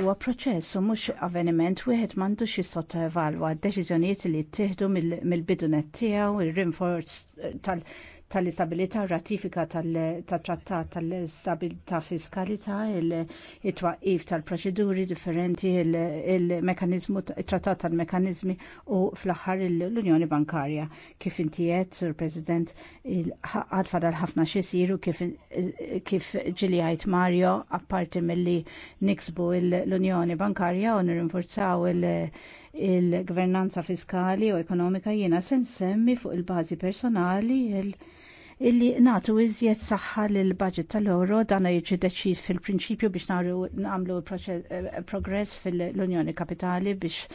Huwa proċess u mhux avveniment wieħed m'għandux jissotto evalwa d-deċiżjonijiet li ttieħdu mill-bidunet tiegħu, ir-rinforz tal- tal-istabilità ratifika tal-trattat tal-istabilità fiskalità, il-twaqif tal-proċeduri differenti, il-mekanizmu, trattat tal-mekanizmi u fl-axħar l-Unjoni Bankarja. Kif intijet, Sir President, għad fadal ħafna xisiru kif ġili għajt Mario, apparti mill-li niksbu l-Unjoni Bankarja u nirinforzaw il- il-gvernanza fiskali u ekonomika jiena se nsemmi fuq il-bażi personali il- illi natu iżjed saħħa lil budget tal-euro dana jiġi deċiż fil-prinċipju biex nagħmlu eh, progress fil-Unjoni Kapitali biex uh,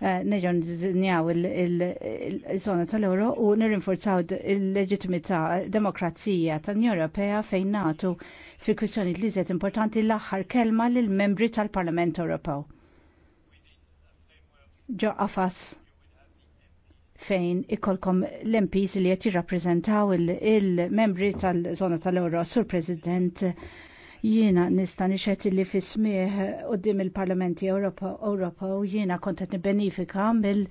eh, neġgħu il-żona tal-euro u nirrinforzaw il-leġitimità demokrazija tal-Unjoni Ewropea fejn natu fil kwistjoni li iżjed importanti l-aħħar kelma lill membri tal-Parlament Ewropew. Ġo għafas fejn ikolkom l-MPs li qed jirrappreżentaw il-membri il tal-żona zona tal ewro Sur President jiena nista' nixed li fi u dim il-Parlamenti u jiena kont qed nibbenifika mill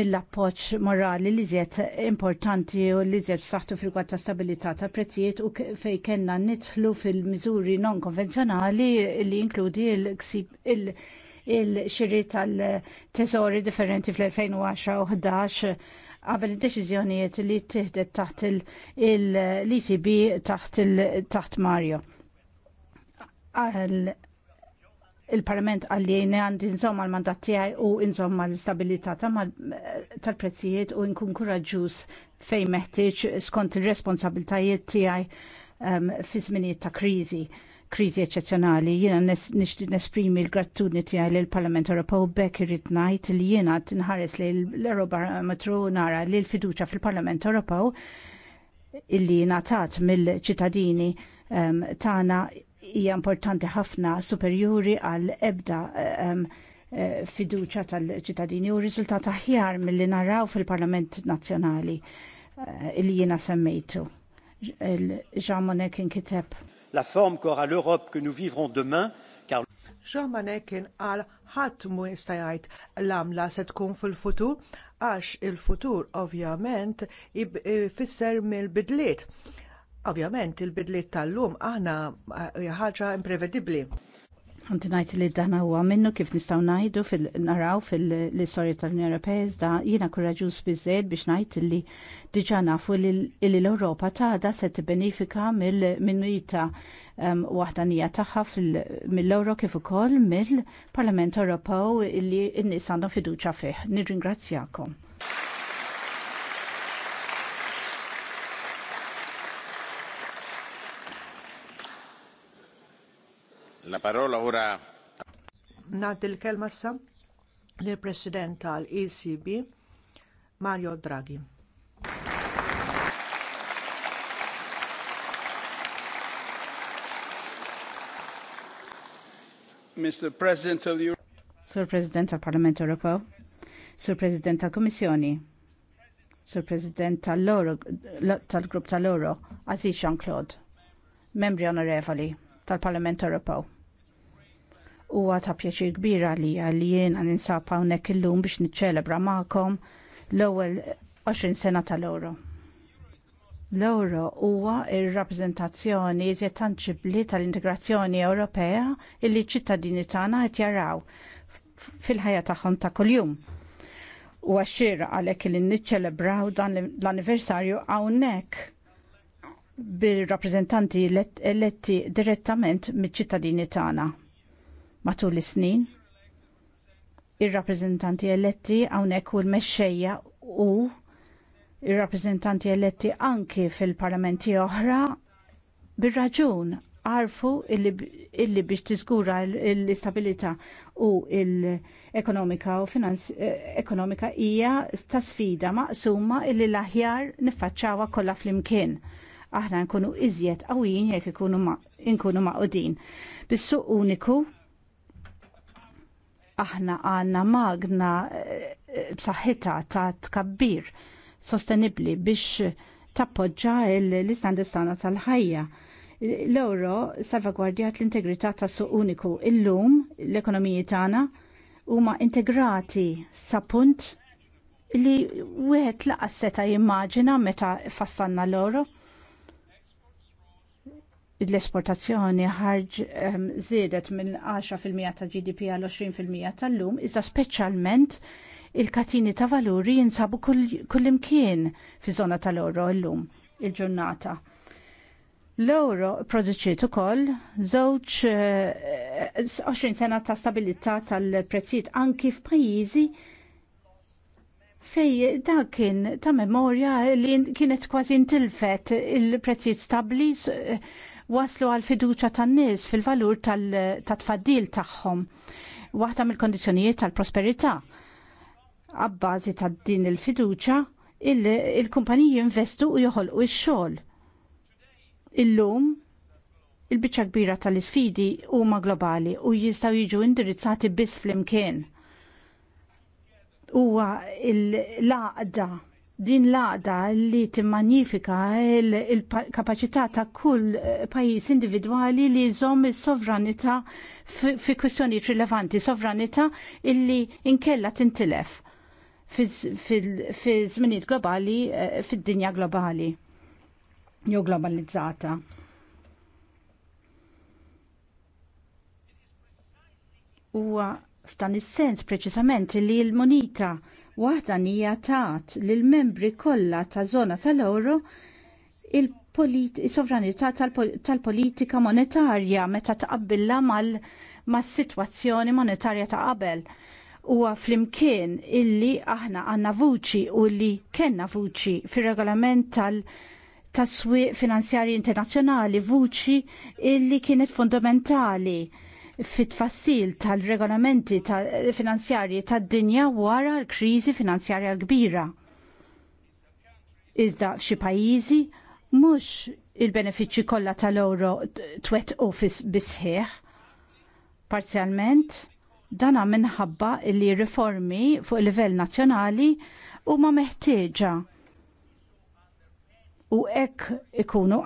mill-appoċ morali li ziet importanti u li ziet saħtu fil ta' stabilità ta' prezzijiet u fej kena nitħlu fil-miżuri non konvenzjonali li inkludi il-ksib il-, -ksib, il il-xirri tal-tesori differenti fl-2010 u 11 qabel id-deċiżjonijiet li tieħdet taħt l-ECB taħt taħt Mario. Il-Parlament għalli għandi nżomma l-mandat tiegħi u nżomma l-istabilità tal-prezzijiet u nkun kuraġġuż fejn meħtieġ skont ir-responsabiltajiet tiegħi fi żminijiet ta' kriżi kriżi eċċezzjonali. Jiena nesprimi l-grattuni tiegħi lill parlament Ewropew bekk irrid ngħid li jiena tinħares li l Matru nara li l-fiduċja fil-Parlament Ewropew illi ngħatat mill-ċittadini ehm, tagħna hija importanti ħafna superjuri għal ebda ehm, eh, fiduċa tal-ċittadini u riżultat aħjar milli naraw fil-Parlament Nazzjonali eh, illi jiena semmejtu. Ġamone kien kiteb la forme qu'aura l'Europe que nous vivrons demain car Jean Manet kien qal ħadd mu jista' jgħid l-għamla se tkun fil-futur għax il-futur ovvjament ifisser mill-bidliet. Ovvjament il-bidliet tal-lum aħna eh, ħaġa imprevedibbli. Għantinajt li dan huwa minnu kif nistaw najdu fil-naraw fil-istorja tal-Unjoni Ewropea iżda jiena kuraġuż biżejjed biex ngħid li diġà nafu li l-Ewropa da se tibbenifika mill-minnuita ehm, waħdanija taħħa mill-Ewro kif ukoll mill-Parlament Ewropew li n-nies għandhom fiduċja fih. Nirringrazzjakom. La parola ora. kelma sa lill president tal-ECB, Mario Draghi. Mr. President of the Sur President tal-Parlament Ewropew, Sur President tal-Kummissjoni, Sur President tal-Grupp tal-Euro, Aziz Jean-Claude, membri onorevoli tal-Parlament Ewropew u ta' pjaċir kbira li għalijien għan hawnhekk illum biex niċċelebra magħkom l-ewwel 20 sena tal-Euro. L-Euro huwa r rappreżentazzjoni iżjed tanċibli tal-integrazzjoni Ewropea illi ċittadini tagħna qed jaraw fil-ħajja tagħhom ta' kuljum. U għaxxir għalhekk li niċċelebraw dan l-anniversarju hawnhekk bil-rappreżentanti eletti direttament miċ-ċittadini tagħna matul is-snin. Ir-rappreżentanti eletti hawnhekk u l-mexxejja u ir-rappreżentanti eletti anki fil-parlamenti oħra bir-raġun għarfu illi biex tiżgura l-istabilità u l-ekonomika u finanz ekonomika hija ta' sfida maqsuma illi l-aħjar niffaċċawha kollha flimkien. Aħna nkunu iżjed qawwin jekk ikunu nkunu maqudin. Bis-suq uniku aħna għandna magna eh, eh, b'saħħitha ta' tkabbir sostenibbli biex tappoġġa l-istandards tagħna tal-ħajja. L-euro salvagwardjat l-integrità ta' suq uniku illum l-ekonomiji tagħna huma integrati sa punt li wieħed laqas seta' jimmaġina meta fassanna l-euro l-esportazzjoni ħarġ um, minn 10% ta' GDP għal 20% tal-lum, iżda speċjalment il-katini ta' valuri jinsabu kullimkien imkien fi zona tal-oro l-lum il-ġurnata. l oro produċiet ukoll żewġ uh, eh, 20 sena ta' stabilità tal-prezzijiet anki f'pajjiżi fej da kien ta' memorja li kienet kważi intilfet il-prezzijiet stabli waslu għal fiduċa tan-nies fil-valur tat-tfaddil tagħhom. Waħda mill-kondizzjonijiet tal-prosperità. Abbażi ta' din il-fiduċa il-kumpaniji investu u joħolqu ix-xogħol. Illum il-biċċa kbira tal-isfidi huma globali u jistgħu jiġu indirizzati biss flimkien. Huwa l-laqda din laqda li timmanifika il-kapacità ta' kull eh, pajis individwali li jżomm is-sovranità fi kwistjonijiet rilevanti, sovranità illi inkella tintilef fi żminijiet globali, eh, fid-dinja globali jew globalizzata. Huwa f'dan is-sens preċisament li l-monita waħda nija taħt lill-membri kollha ta' żona tal-euro il sovranità tal-politika monetarja meta taqabbilha mas-sitwazzjoni monetarja ta' qabel huwa flimkien illi aħna għandna vuċi u li kellna vuċi fir-regolament tal- tas-swieq finanzjarji internazzjonali vuċi illi kienet fundamentali fit-tfassil tal-regolamenti finanzjarji tad-dinja wara l-kriżi finanzjarja kbira. Iżda f'xi pajjiżi mhux il-benefiċċji kollha tal-ewro twettqu bisħieħ. Parzjalment dan minħabba li riformi fuq il livell nazzjonali huma meħtieġa u hekk ikunu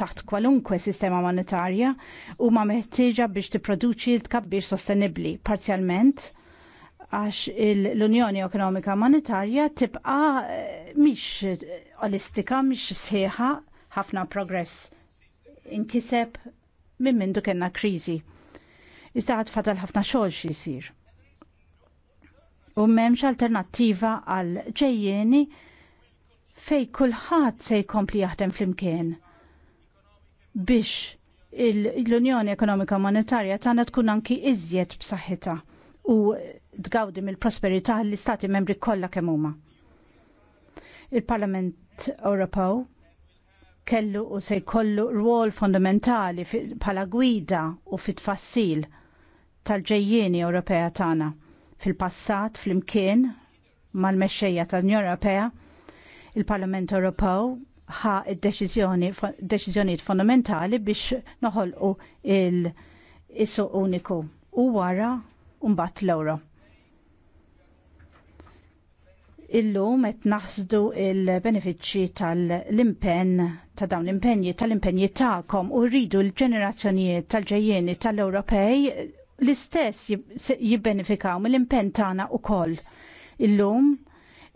taħt kwalunkwe sistema monetarja u ma meħtieġa biex tipproduċi l-tkabbir sostenibbli parzjalment għax l-Unjoni Ekonomika Monetarja tibqa eh, mhix olistika, mhix sħiħa, ħafna progress inkiseb minn mindu kena kriżi. Iżda għad fadal ħafna xogħol xi jsir. U m'hemmx alternattiva għal ġejjeni fej kulħadd se jkompli jaħdem flimkien biex l-Unjoni Ekonomika Monetarja tagħna tkun anki iżjed b'saħħitha u tgawdi mill-prosperità l-istati membri kollha kemm huma. Il-Parlament Ewropew kellu u se jkollu rwol fondamentali bħala gwida u fit tfassil tal-ġejjieni Ewropea tagħna fil-passat flimkien mal-mexxejja tal-Unjoni Ewropea Il-Parlament Ewropew ħa deċiżjonijiet fondamentali biex noħolqu il-issu uniku u wara mbagħad l-ewro. Illum qed naħsdu il-benefiċċji tal-impenn ta' dawn l-impenji tal-impenji tagħkom u rridu l-ġenerazzjonijiet tal-ġejjeni tal-Ewropej l-istess jibbenefikaw mill-impenn tagħna wkoll. Illum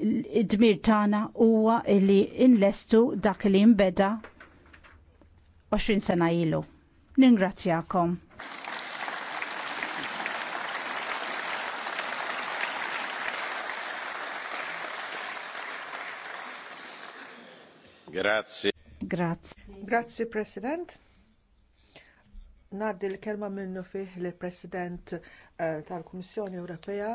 id-dmir tagħna huwa li inlestu dak li nbeda 20 sena ilu. Ningrazzjakom. Grazie. Grazie. Grazie President. Ngħaddi l-kelma minnu fih lill president eh, tal-Kummissjoni Ewropea,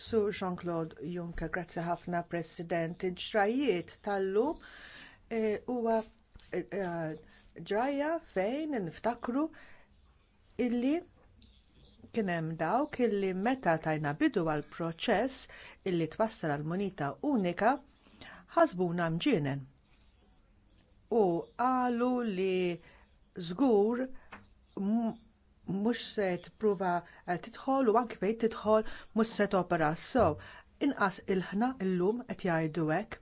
Sur Jean-Claude Juncker. Grazzi ħafna, President. Ġrajiet tal lu eh, huwa eh, ġraja fejn niftakru illi kien hemm dawk illi meta tajna bidu għall proċess illi twassal għal munita unika ħasbuna mġienen u għalu li żgur mhux se tippruva eh, tidħol u anke fejn tidħol mhux se topera. So, inqas il-ħna llum qed jgħidu hekk.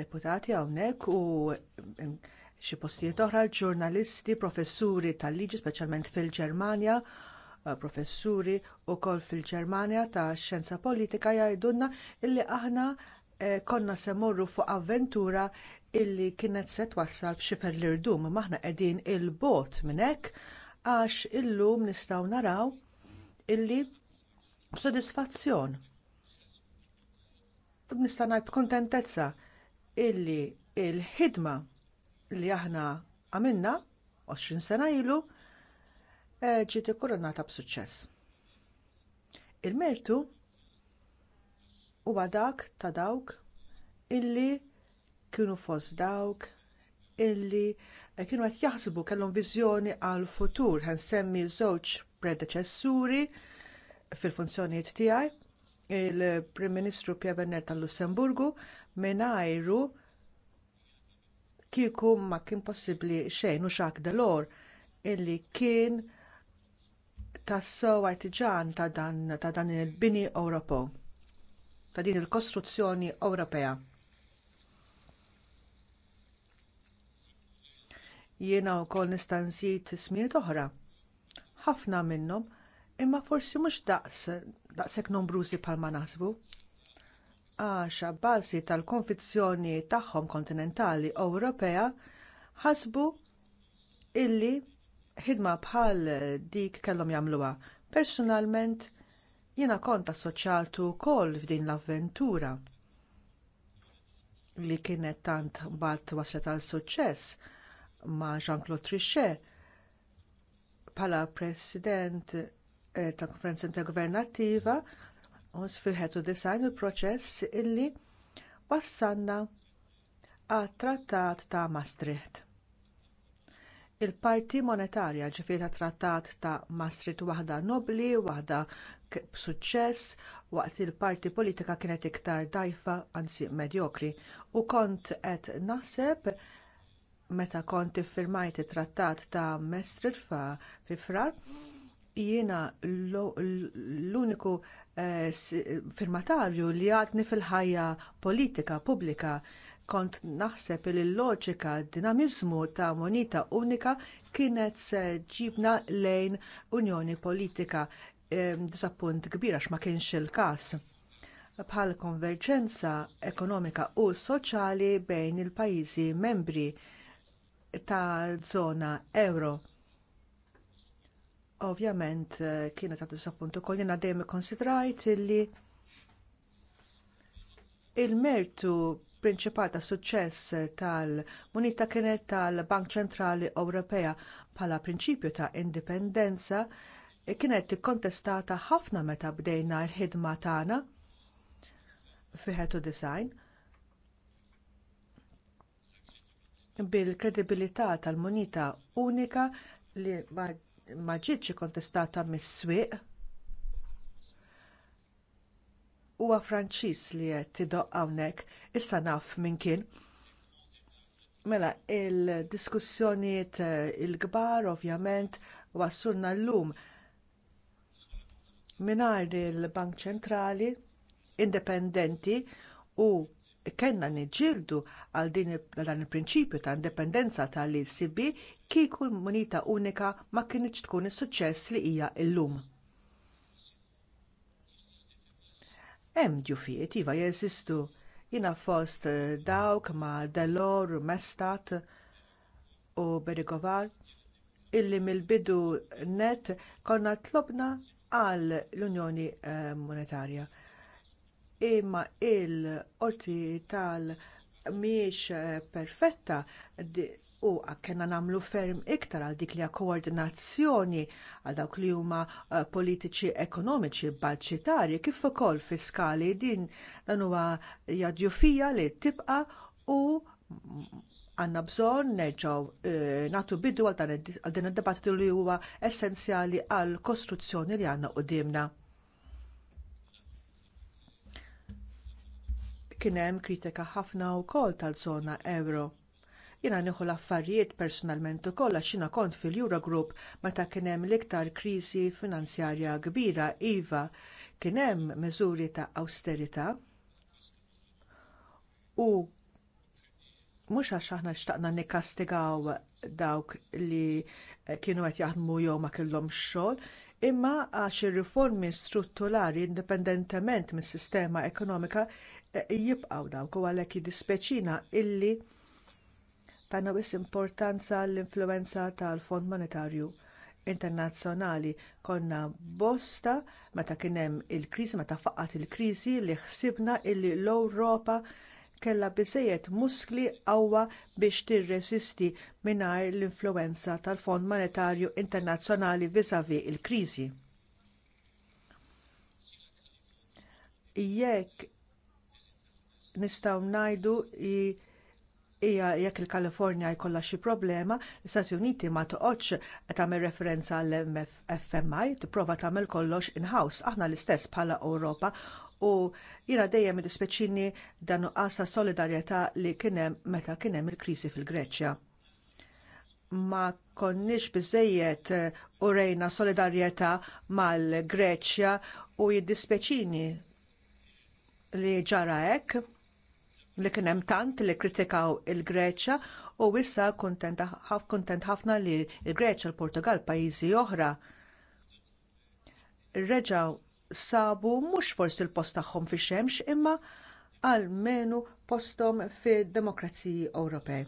Deputati hawnhekk u xi postijiet oħra ġurnalisti, professuri tal-liġi speċjalment fil-Ġermanja, eh, professuri wkoll fil-Ġermanja tax xjenza politika jgħidulna illi aħna eh, konna se mmorru fuq avventura illi kienet se twassal b'xifer l-irdum maħna qegħdin il-bot minn hekk għax illum nistgħu naraw illi b'sodisfazzjon nista' ngħid b'kuntentezza illi l ħidma li aħna għamilna 20 sena ilu eh, ġiet ikkurunata b'suċċess. Il-mertu huwa dak ta' dawk illi kienu fost dawk illi eh, kienu qed jaħsbu kellhom viżjoni għal futur ħan semmi żewġ predeċessuri fil-funzjonijiet tiegħi il-Prim Ministru Pia tal-Lussemburgu mingħajru kieku ma kien possibbli xejn u xak delor illi kien tassew artiġan ta' dan, ta dan il-bini Ewropew ta' din il-kostruzzjoni Ewropea Jiena wkoll nista' nżid ismijiet oħra. Ħafna minnhom imma forsi mhux daqs daqshekk nombrużi bħalma naħsbu. Għax abbażi tal-konfizzjoni tagħhom kontinentali Ewropea ħasbu illi ħidma bħal dik kellhom jagħmluha. Personalment jiena kont assoċjatu wkoll f'din l-avventura li kienet tant mbagħad waslet għal suċċess ma' Jean-Claude Trichet bħala president eh, ta' konferenza intergovernattiva u sfiħetu design il-proċess illi wassanna għat trattat ta' Maastricht. Il-parti monetarja ġifiet ta' trattat ta' Maastricht waħda nobbli, waħda b'suċċess, waqt il-parti politika kienet iktar dajfa, anzi medjokri, u kont qed naħseb meta kont iffirmajt it-trattat ta' Maastricht fa' fi jiena l-uniku eh, firmatarju li għadni fil-ħajja politika pubblika kont naħseb li l-loġika dinamiżmu ta' moneta unika kienet se ġibna lejn unjoni politika disappunt kbira ma kienx il-każ bħal konverġenza ekonomika u soċjali bejn il-pajjiżi membri ta' żona euro. Ovvjament eh, kienet ta' disappunt ukoll jiena dejjem ikkonsidrajt illi il-mertu prinċipal ta' suċċess tal-Munita kienet tal-Bank Ċentrali Ewropea bħala prinċipju ta' indipendenza kienet ikkontestata ħafna meta bdejna l-ħidma tagħna fi design bil-kredibilità tal-munita unika li ma ġietx ikkontestata mis-swieq huwa Franċiż li qed tidoq hawnhekk issa naf minn kien. Mela, il-diskussjonijiet eh, il-kbar ovvjament wassulna llum mingħajr il-Bank Ċentrali indipendenti u kellna niġġieldu għal din dan il-prinċipju ta' indipendenza tal isibi kieku l-moneta unika ma kinitx tkun is-suċċess li hija llum. Hemm ġufijiet iva jeżistu jiena fost eh, dawk ma' Delor, Mestat u Berigovar illi mill-bidu net konna tlobna għall unjoni eh, Monetarja imma il-qorti tal mhijiex eh, perfetta u kena nagħmlu ferm iktar għal dik li hija koordinazzjoni għal dawk li huma eh, politiċi ekonomiċi budġetarji kif ukoll fiskali din dan huwa jgħaddu fija li tibqa u għandna bżonn nerġgħu eh, nagħtu bidu għal din id-dibattitu li huwa essenzjali għall kostruzzjoni li għandna qudiemna. kien hemm kritika ħafna wkoll tal-żona euro. Jiena nieħu l-affarijiet personalment ukoll għax jiena kont fil-Eurogroup meta kien hemm l-iktar kriżi finanzjarja kbira iva kien hemm miżuri ta' awsterita'. u mhux għax aħna xtaqna nikkastigaw dawk li kienu qed jaħdmu jew ma kellhomx xogħol, imma għax ir-riformi strutturali indipendentement mis-sistema ekonomika jibqgħu dawk u għalhekk jiddispeċina illi tagħna wis importanza l-influwenza tal-Fond Monetarju Internazzjonali konna bosta meta kien hemm il-kriżi meta faqqat il-kriżi li ħsibna illi l-Ewropa kellha biżżejjed muskli qawwa biex tirreżisti mingħajr l-influwenza tal-Fond Monetarju Internazzjonali viżavi il kriżi Jekk nistgħu ngħidu hija jekk il-Kalifornja jkollha xi problema, l-Istati Uniti ma toqgħodx tagħmel referenza għall FMI, tipprova tagħmel kollox in-house, aħna l-istess bħala Ewropa u jiena dejjem id-dispeċini dan nuqqas ta' solidarjetà li kien hemm meta kien hemm il-kriżi fil-Greċja. Ma konniex biżżejjed urejna uh, solidarjetà mal-Greċja u jiddispeċini li ġara hekk li kien hemm tant li kritikaw il-Greċja u issa kuntent ħafna li l greċja l-Portugal pajjiżi oħra reġgħu sabu mhux forsi l-post tagħhom fix-xemx imma għalmenu posthom fi demokraziji Ewropej.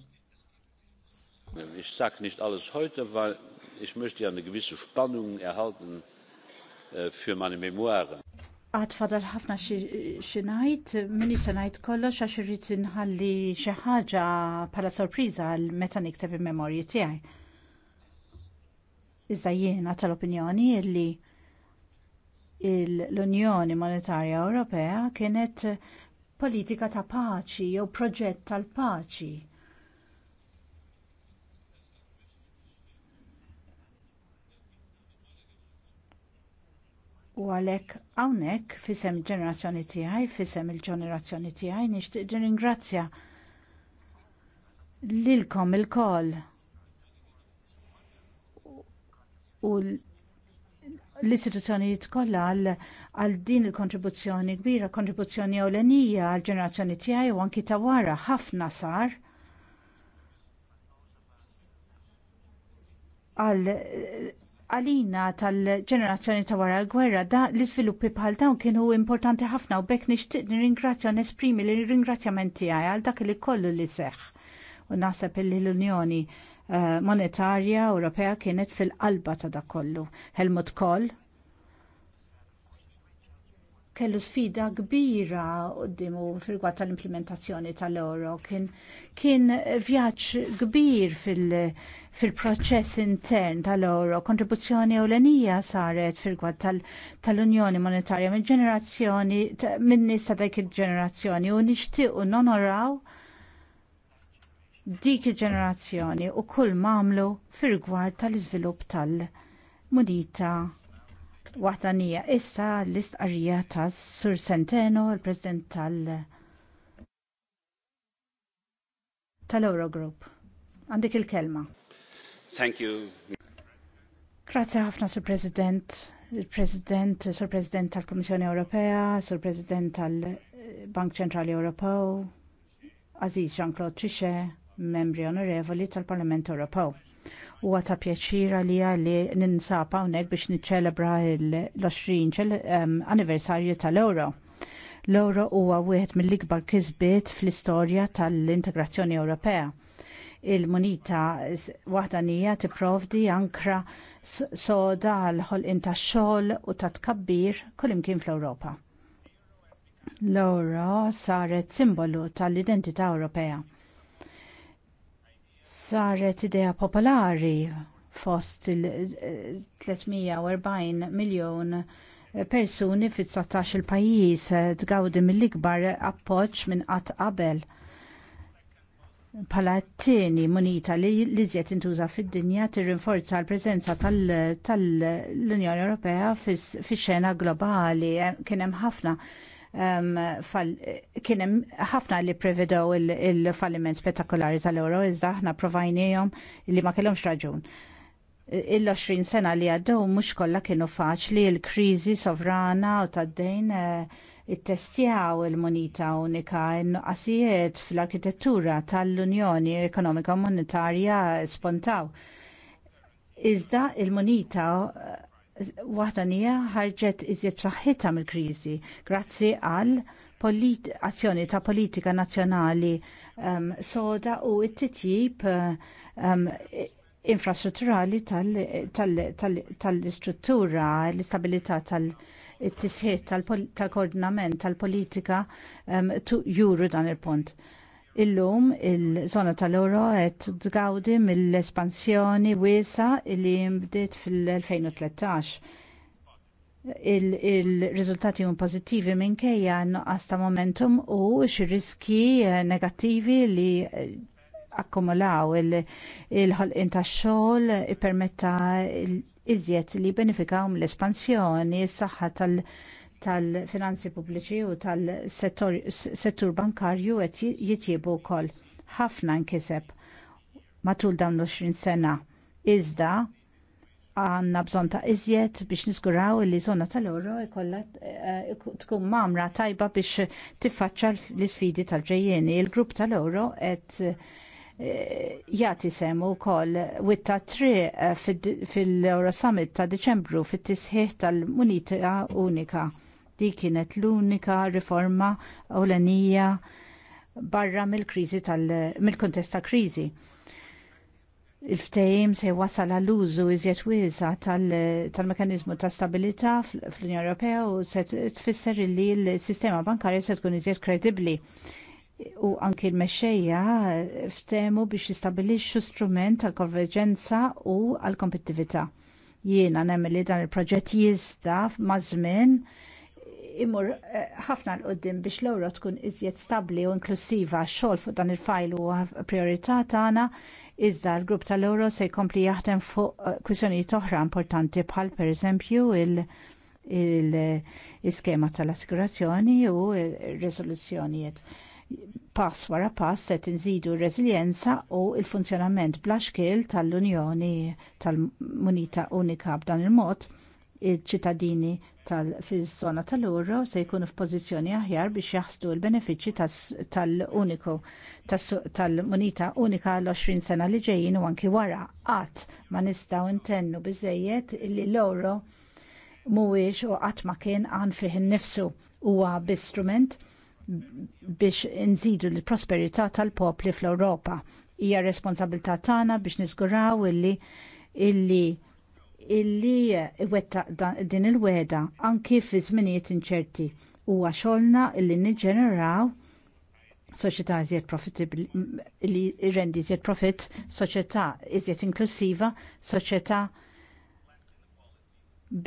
Ich sag nicht alles heute, weil ich möchte ja eine gewisse Spannung erhalten äh, für meine Memoiren. Għad fadal ħafna xinajt, minni sanajt kollox għax irrid inħalli xi ħaġa bħala sorpriża għal meta nikteb il-memorji tiegħi. Iżda jiena tal-opinjoni li l-Unjoni Monetarja Ewropea kienet politika ta' paċi jew proġett tal-paċi U għalhekk hawnhekk fisem il-ġenerazzjoni tiegħi, fisem il-ġenerazzjoni tiegħi nixtieq ringrazzja lilkom ilkoll. U l-istituzzjonijiet kollha għal din il-kontribuzzjoni kbira, kontribuzzjoni ewlenija għall ġenerazzjoni tiegħi u anki ta' wara ħafna sar. għal għalina tal-ġenerazzjoni ta' wara l-gwerra da l-iżviluppi bħal dawn kienu importanti ħafna u bekk nixtieq nirringrazzja u nesprimi l ringrazzjament tiegħi għal dak li kollu li seħħ. U naħseb li l-Unjoni eh, Monetarja Ewropea kienet fil-qalba ta' dak kollu. Helmut Kohl kellu sfida kbira qudiemu fil-gwad tal-implementazzjoni tal-oro. Kien, kien vjaġġ kbir fil-proċess fil intern tal-oro. Kontribuzzjoni ewlenija saret fil-gwad tal-Unjoni tal Monetarja minn ġenerazzjoni, minn nista dik il-ġenerazzjoni u nixtiequ nonoraw dik il-ġenerazzjoni u kull mamlu fil-gwad tal-iżvilupp tal-munita waħtanija. Issa l-istqarrija ta' Sur Centeno, il-President tal- tal-Eurogroup. Għandek il-kelma. Thank you. Grazie ħafna, Sur President, il-President, Sur President tal-Komissjoni Ewropea, Sur President tal-Bank Ċentrali Ewropew, Aziz Jean-Claude Trichet, membri onorevoli tal-Parlament Ewropew u għata pjaċira li għalli ninsab hawnhekk biex niċċelebra l-20 ehm, anniversarju tal-Euro. L-Euro huwa wieħed mill-ikbar kisbiet fl-istorja tal-integrazzjoni Ewropea. Il-munita waħdanija tipprovdi ankra soda għal ħolqien tax-xogħol u ta' tkabbir kullimkien fl-Ewropa. L-Euro saret simbolu tal-identità Ewropea saret idea popolari fost il-340 eh, miljon persuni fit-19 il pajjiż eh, tgawdi mill-ikbar appoġġ minn qatt qabel bħala t-tieni munita li iżjed intuża fid-dinja tirrinforza l-preżenza tal-Unjoni Ewropea fix-xena globali eh, kien hemm ħafna kien hemm ħafna li prevedew il-falliment spettakolari tal-euro iżda aħna provajnijom li ma kellhomx raġun. Il-20 sena li għaddew mhux kollha kienu faċli l-kriżi sovrana u tad-dejn eh, ittestjaw il-monita unika n-nuqqasijiet fl-arkitettura tal-Unjoni Ekonomika Monetarja spontaw. Iżda il-monita Waħda nija ħarġet iżjed b'saħħitha mill-kriżi grazzi għal azzjoni ta' politika nazzjonali um, soda u t-titjib um, infrastrutturali tal-istruttura, l-istabilità tal tisħiet tal-koordinament tal-politika ehm, juru dan il-pont. Illum il-żona tal-Euro qed tgawdi mill-espansjoni wiesa li mbdiet fil-2013 il-rizultati il pozittivi minkejja nuqqas ta' momentum u xi riski eh, negattivi li eh, akkumulaw il-ħolqin il tax xogħol ippermetta iżjed li benefikaw mill-espansjoni, s-saħħa tal- tal-finanzi pubbliċi u tal-settur bankarju qed jitjiebu wkoll. Ħafna nkiseb matul dawn l-20 sena. Iżda għandna bżonn ta' iżjed biex niżguraw li żona tal-ewro jkollha eh, tkun mamra tajba biex tiffaċċa l-isfidi tal-ġejjeni. Il-grupp tal-ewro qed eh, jagħti semu ukoll witta tri eh, fil-Euro Summit ta' Diċembru fit-tisħiħ tal-Munita Unika. Di kienet l-unika riforma ewlenija barra mill-kriżi mill-kuntest ta' kriżi il-ftehim se wasal għal użu iżjed wiesa tal-mekanizmu ta' stabilità fl-Unjoni Ewropea u se tfisser li l-sistema bankarja se tkun iżjed kredibbli. U anki l-mexxejja ftehmu biex jistabilixxu strument tal-konverġenza u għall kompettività Jiena nemmen li dan il-proġett jista' maż-żmien imur eh, ħafna l qoddim biex l-ewro tkun iżjed stabbli u inklusiva xogħol fuq dan il-fajl huwa priorità tagħna iżda l-grupp tal ewro se jkompli jaħdem fuq eh, kwistjonijiet oħra importanti bħal pereżempju il- il-iskema tal-assigurazzjoni u r-riżoluzzjonijiet. Pass wara pass se tinżidu r-reżiljenza u l funzjonament bla xkil tal-Unjoni tal-Munita Unika b'dan il-mod il-ċittadini fiż-żona tal-euro se jkunu f'pożizzjoni aħjar biex jaħsdu l-benefiċċji tal-uniku tal-munita unika l-20 sena li ġejjin u anki wara qatt ma nistgħu ntennu biżżejjed li l-euro mhuwiex u qatt ma kien għan fih innifsu huwa strument biex inżidu l-prosperità tal-popli fl-Ewropa. Hija responsabilità tagħna biex niżguraw illi illi illi iwettaq din il-weda anki fi żminijiet inċerti huwa xogħolna illi niġġeneraw soċjetà iżjed profitabbli li rendi iżjed profit, soċjetà iżjed inklusiva, soċjetà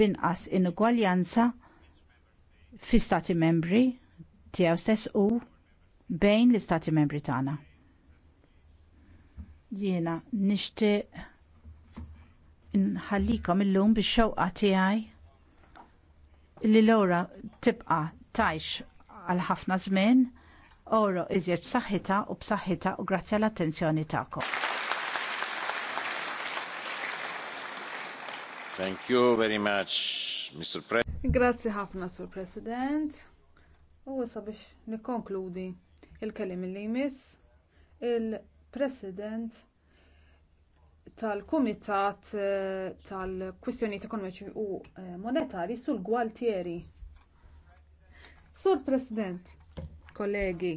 binqas inugwaljanza fi stati membri tiegħu stess u bejn l-istati membri tagħna. Jiena nixtieq nħallikom illum bix xewqa tiegħi li Lora tibqa' tajx għal ħafna żmien oro iżjed b'saħħitha u b'saħħitha u grazzi għall attenzjoni tagħkom. Thank you very much, Mr. President. Grazzi ħafna, Sur President. U sabiex nikkonkludi il-kelim li jmiss il-President tal-Kumitat eh, tal-Kwistjonijiet Ekonomiċi u eh, Monetarji Sur Gualtieri. Sur President, kollegi,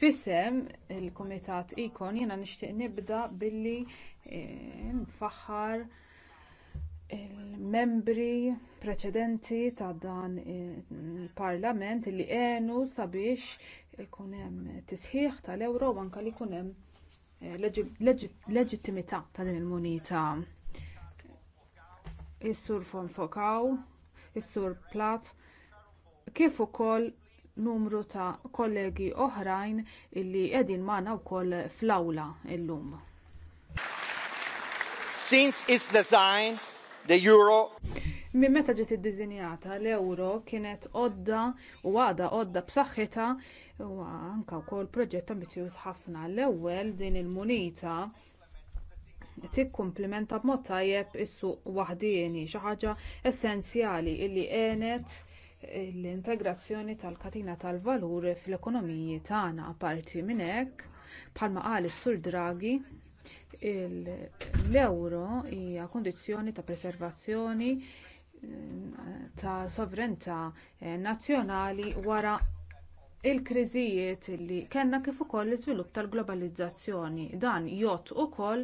fisem il-Kumitat Ikon jiena nixtieq nibda billi eh, nfaħħar il-membri preċedenti ta' dan il-Parlament li għenu sabiex ikun hemm tisħiħ tal-ewro u anke li jkun hemm leġittimità ta' din il-munita. Is-sur Fonfokaw, is-sur Platt, kif ukoll numru ta' kollegi oħrajn illi qegħdin magħna wkoll fl-awla llum. Since its design, the euro Minn meta ġiet iddiżinjata l-euro kienet għodda u għada għodda b'saħħitha u anke wkoll proġett ambizzjuż ħafna. L-ewwel din il-munita tikkumplimenta b'mod tajjeb is-suq waħdieni xi ħaġa essenzjali li għenet l-integrazzjoni tal-katina tal-valur fl-ekonomiji tagħna apparti minn hekk bħalma qal is-sur Draghi l-ewro hija kundizzjoni ta' preservazzjoni ta' sovranità eh, nazzjonali wara il-kriżijiet li kellna kif ukoll l-iżvilupp tal-globalizzazzjoni dan jgħott ukoll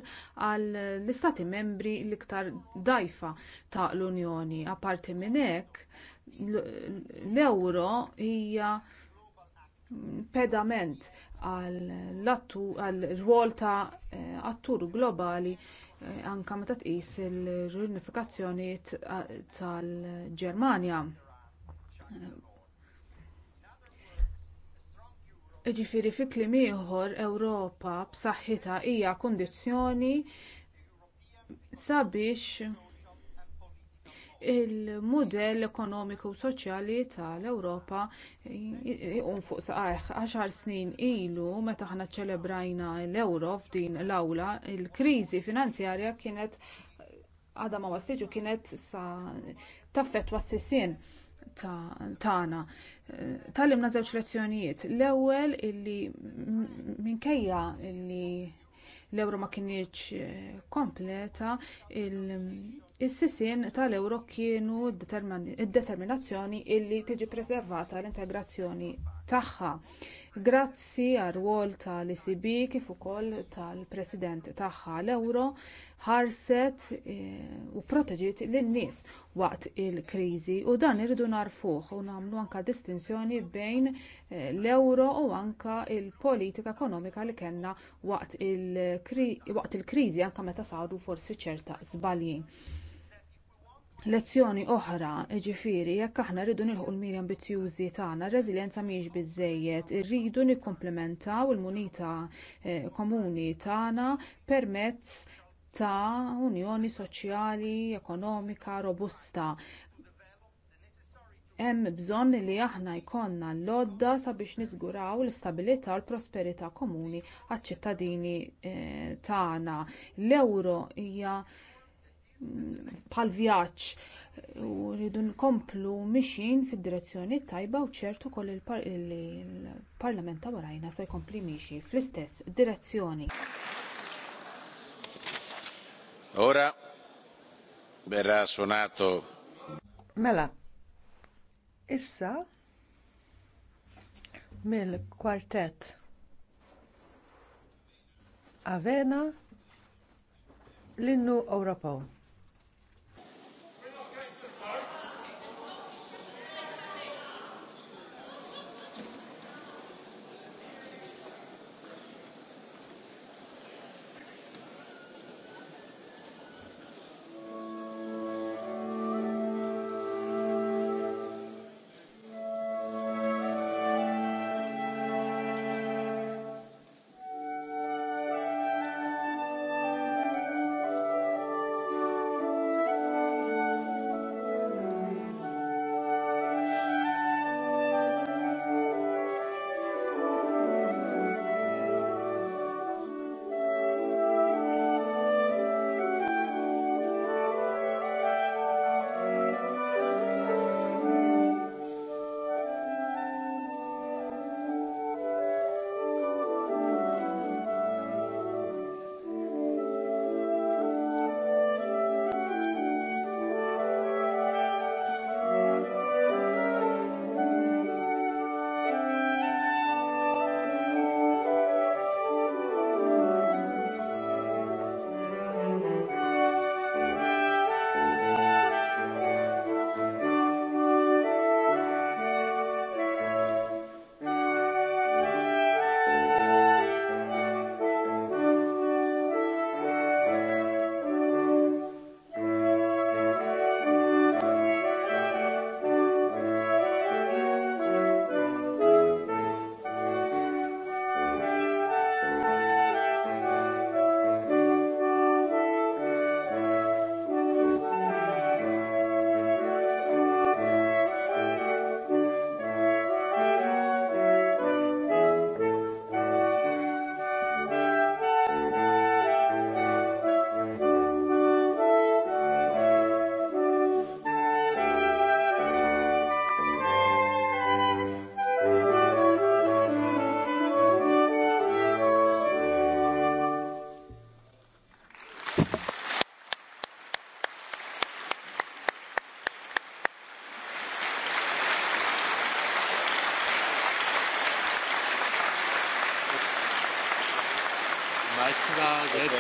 għall istati membri l-iktar dgħajfa ta' l-Unjoni. Apparti minn hekk l-euro hija pedament għal rwol ta' eh, attur globali Eh, anke meta tqis il-riunifikazzjoni eh, tal-Ġermanja. Jiġifieri fi kliem ieħor Ewropa b'saħħitha hija kundizzjoni sabiex il-mudell ekonomiku u soċjali tal-Ewropa jqum fuq saqajh għaxar snin ilu meta aħna ċċelebrajna l-Ewro f'din l-awla, il-kriżi finanzjarja kienet għadha ma wastiġu kienet sa taffetwa tagħna. Tallimna żewġ lezzjonijiet. L-ewwel illi minkejja illi l-euro ma kienieċ eh, kompleta, il-sisien tal-euro kienu id-determinazzjoni illi tiġi preservata l-integrazzjoni tagħha. Grazzi għar-rwol tal-ECB kif ukoll tal-President tagħha l-Euro ħarset eh, u proteġiet lin-nies waqt il-kriżi u dan irridu narfuh u nagħmlu anke distinzjoni bejn eh, l-euro u anke l politika ekonomika li kellna waqt il-kriżi anke meta saru forsi ċerta żbalji lezzjoni oħra jiġifieri jekk aħna rridu nilħu l-miri ambizzjużi tagħna r-reżiljenza mhijiex biżżejjed irridu nikkumplementaw il-munita eh, komuni tagħna permezz ta' unjoni soċjali ekonomika robusta hemm bżonn li aħna jkollna l-għodda sabiex niżguraw l-istabilità u l-prosperità komuni għaċ-ċittadini eh, tagħna l-ewro hija bħal vjaġġ u rridu nkomplu mixin fid-direzzjoni tajba u ċertu ukoll il-Parlament ta' barajna se jkompli mixi fl-istess direzzjoni. Ora verrà suonato Mela, issa mill-kwartett Avena l-innu Ewropew. leisten da Geld.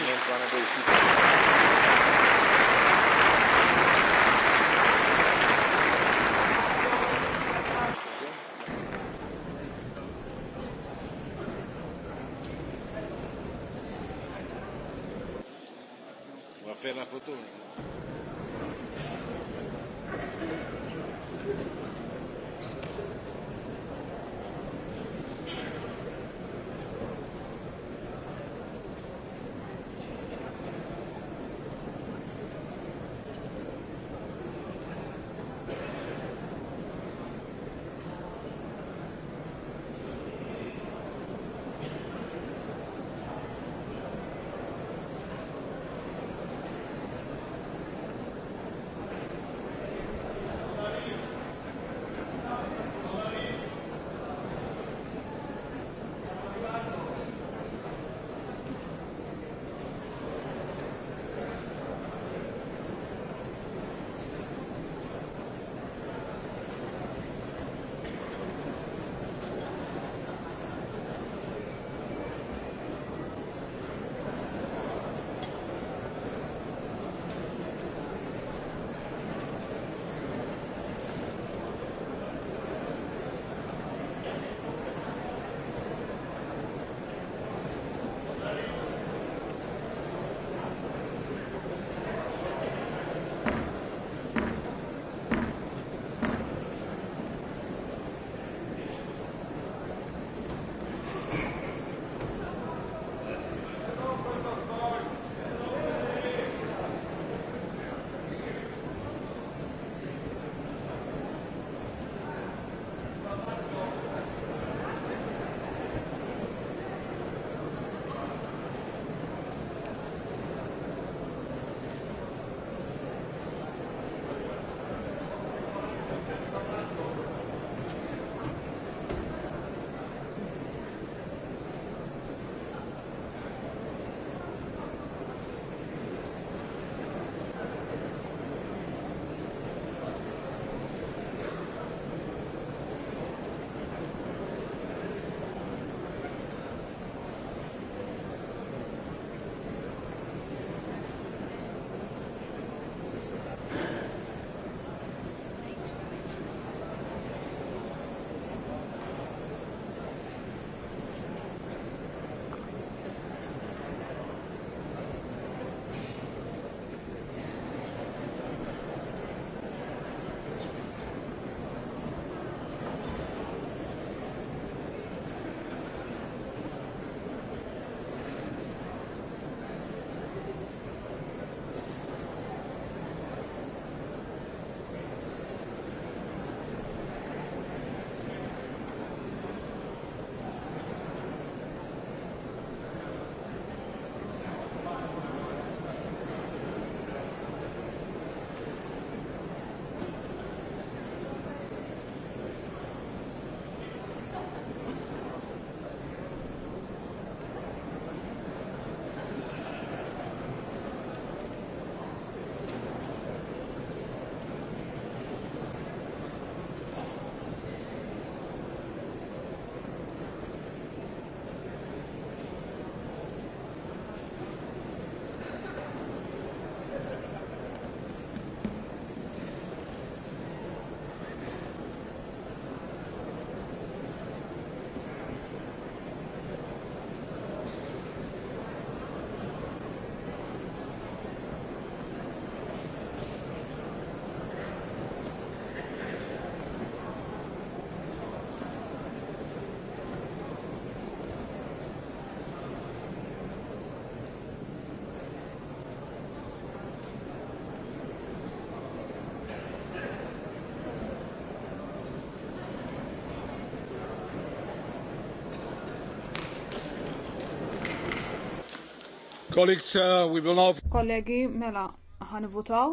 Colleagues, uh, we will now... Kollegi, mela, ħanivutaw.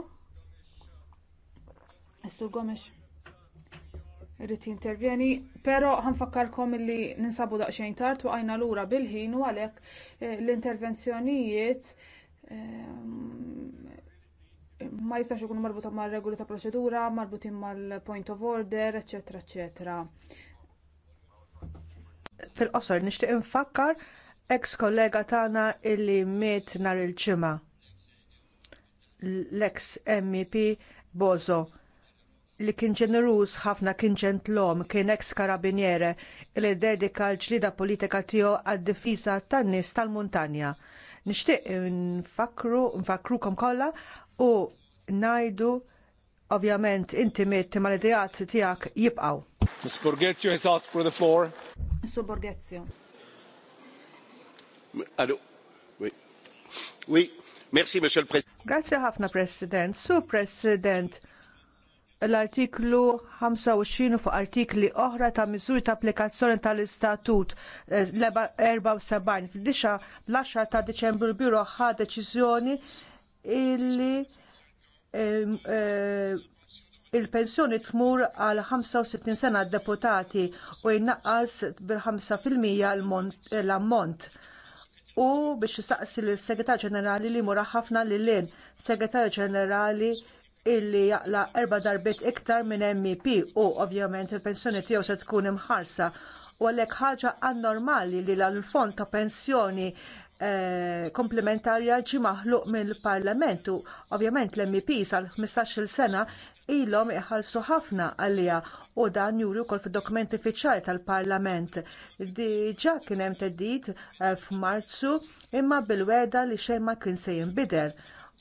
Issu Gomes. Irrid jintervjeni, però ħanfakkarkom li ninsabu daqsxejn tard waqajna lura bil-ħin u għalhekk eh, l-intervenzjonijiet ehm, ma jistax ikunu marbuta mar regoli ta' proċedura, marbutin mal-point of order, eċetera, eċetera. Fil-qosor nixtieq infakkar ex kollega tagħna illi miet nhar il-ġimgħa l-ex MEP Bozo li kien ġeneruż ħafna kien ġentlom kien ex karabiniere li dedika l-ġlida politika tiegħu għad-difiża tan-nies tal-muntanja. Nixtieq nfakru nfakrukom kollha u ngħidu ovvjament inti miet l idejat tiegħek jibqgħu. Mr. Borghezio has asked for the floor. Mr. Borghezio. Grazie ħafna President. Su President, l-artiklu 25 fuq artikli oħra ta' miżuri ta' applikazzjoni tal-istatut l-74 fil l-10 ta' Deċembru l-Biro ħa deċiżjoni illi eh, il-pensjoni tmur għal 65 sena d deputati u jnaqqas bil-5% l-ammont u biex saqsi l segretar ġenerali li mura ħafna li l-in segretar ġenerali illi jaqla erba darbiet iktar minn MEP u ovvjament il-pensjoni tiegħu se tkun imħarsa u għalhekk ħaġa anormali li l-fond ta' pensjoni eh, komplementarja ġie maħluq mill-Parlament u ovvjament l-MEP sal-15 sena ilhom iħallsu ħafna għaliha u dan juri wkoll fid dokument uffiċjali tal-Parlament. Diġà kien hemm teddid eh, f'Marzu imma bil-weda li xejn ma kien se jinbidel.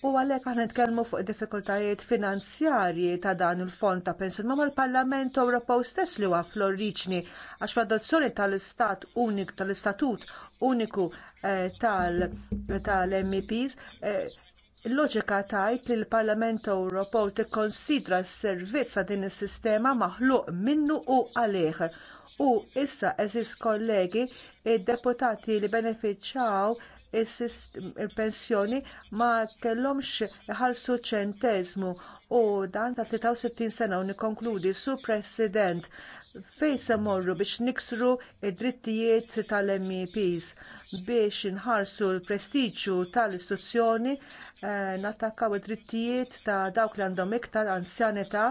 U għalhekk aħna nitkellmu fuq diffikultajiet finanzjarji ta' dan il-fond ta' pensjon ma' l-Parlament Ewropew stess li huwa fl-oriġni għax fl-adozzjoni tal-istat unik tal-istatut uniku eh, tal-MEPs eh, Il-loġika tgħid li l-Parlament Ewropew tikkonsidra s-servizz ta' din is-sistema maħluq minnu u għalih. U issa eżis kollegi id-deputati li benefiċċjaw il-pensjoni ma kellhomx iħallsu ċenteżmu u dan ta' 63 sena u nikkonkludi su president fejn se morru biex niksru d drittijiet tal-MEPs biex inħarsu l-prestiġu tal-istituzzjoni eh, nattakkaw id-drittijiet ta' dawk li għandhom iktar anzjanità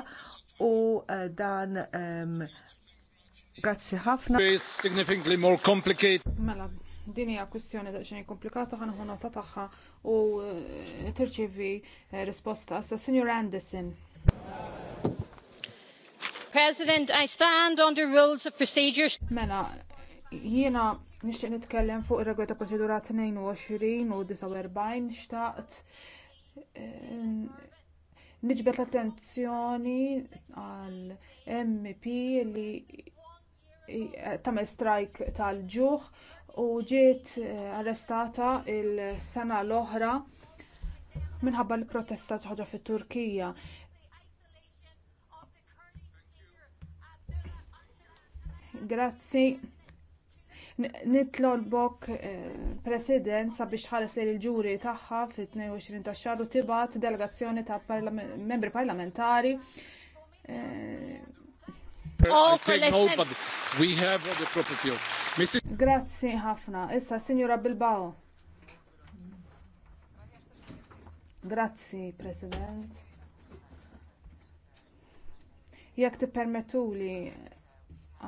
u eh, dan ehm, Grazzi ħafna din hija kwistjoni daqsxejn komplikata ħanħu nota tagħha u eh, tirċievi eh, risposta sa Sinjur Anderson. President, I stand on the rules of procedures. Mela, jiena nixtieq nitkellem fuq ir-regla ta' proċedura 22 u 49 xtaqt eh, niġbet l-attenzjoni għal MP li tamel strajk tal-ġuħ u ġiet eh, arrestata il-sena l-oħra minħabba l-protesta ħaġa fit-Turkija. Grazzi. Nitlolbok eh, President sabiex tħares li il-ġuri tagħha fit-22 ta' xahar u tibat delegazzjoni ta' membri parlamentari eh, Grazzi ħafna. Issa, Signora Bilbao. Grazzi, President. Jekk tippermettuli